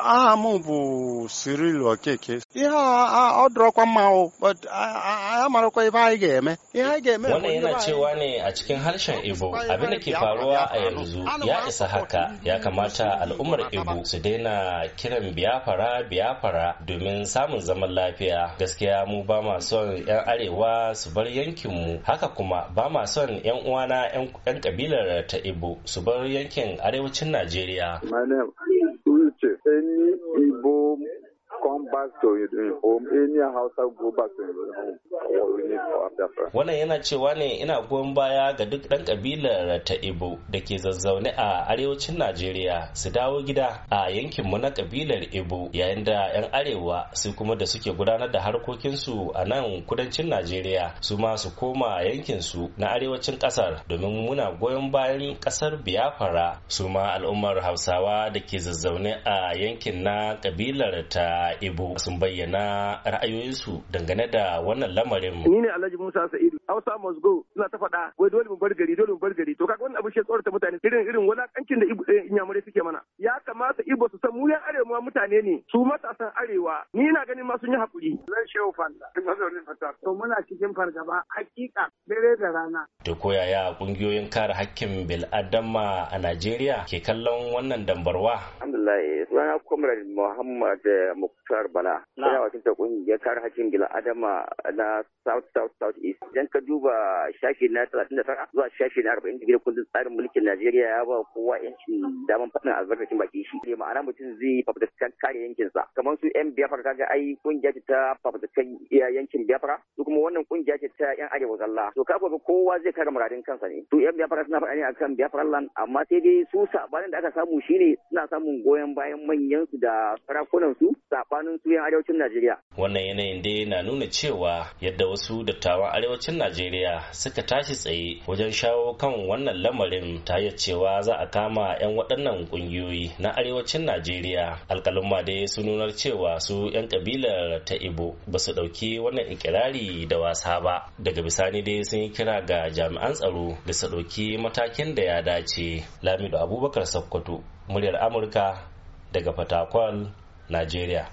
Aha m bụ Cyril Okeke. Ihe a ọ dịrọkwa mma o, but a amarakwa ebe anyị ga-eme. Ihe anyị ga-eme yana cewa ne a cikin harshen ibo abin da ke faruwa a yanzu ya isa haka ya kamata al'ummar ibo su daina kiran biyafara biyafara domin samun zaman lafiya. Gaskiya mu ba ma son 'yan arewa su bar yankinmu haka kuma ba ma son 'yan uwana 'yan kabilar ta ibo su bar yankin arewacin Najeriya. Igbo come back to your eh, home go back to your home wannan yana cewa ne ina goyon baya ga duk ɗan ƙabilar ta ibo da ke zazzaune a arewacin najeriya su dawo gida a yankinmu na ƙabilar ibo yayin da 'yan arewa su kuma da suke gudanar da harkokinsu a nan kudancin najeriya su ma su koma yankin su na arewacin ƙasar domin muna goyon bayan ƙasar Biyafara. su ma al'ummar hausawa da ke zazzaune a yankin na ƙabilar ta A Ibo sun bayyana ra'ayoyinsu dangane da wannan lamarin. Ni ne Alhaji Musa Sa'idu, Hausa must go, suna ta faɗa, wai dole mu bar gari, dole mu bar gari. To kaga wannan abu shi tsorata mutane irin irin wulakancin da eh, inyamurai suke mana. Ya kamata Ibo su san mu yan arewa mutane ne, su matasan arewa. Ni na ganin ma sun yi hakuri. Zan shehu fanda, mazaunin fata. To muna cikin fargaba, hakika, dare da rana. To koyaya kungiyoyin kare hakkin bil'adama a Najeriya ke kallon wannan dambarwa? Alhamdulillah, eh, sunana Comrade Muhammad eh, Muktar Bala. Yana wakiltar kungiyar tarihin gila Adama na South South South East. Idan ka duba shafi na 39 zuwa shafi na 40 digiri kundin tsarin mulkin Najeriya ya ba kowa yancin daman faɗin albarkacin baki shi. Ne ma'ana mutum zai fafutukan kare yankinsa. Kamar su 'yan Biafra kaga ai kungiya ce ta fafutukan yankin Biafra. Su kuma wannan kungiya ce ta 'yan Arewa zalla. To ka kowa zai kare muradin kansa ne. To 'yan Biafra suna faɗa ne akan Biafra land amma sai dai su sabanin da aka samu shine suna samun goyon bayan manyan su da sarakunan su. sabanin su yan arewacin Najeriya. Wannan yanayin dai na nuna cewa yadda wasu dattawan arewacin Najeriya suka tashi tsaye wajen shawo kan wannan lamarin ta yi cewa za a kama 'yan waɗannan ƙungiyoyi na arewacin Najeriya. Alƙalumma dai sun nunar cewa su 'yan ƙabilar ta Ibo ba su ɗauki wannan ikirari da wasa ba. Daga bisani dai sun yi kira ga jami'an tsaro da su ɗauki matakin da ya dace. Lamido Abubakar Sokoto, muryar Amurka daga Fatakwal, Najeriya.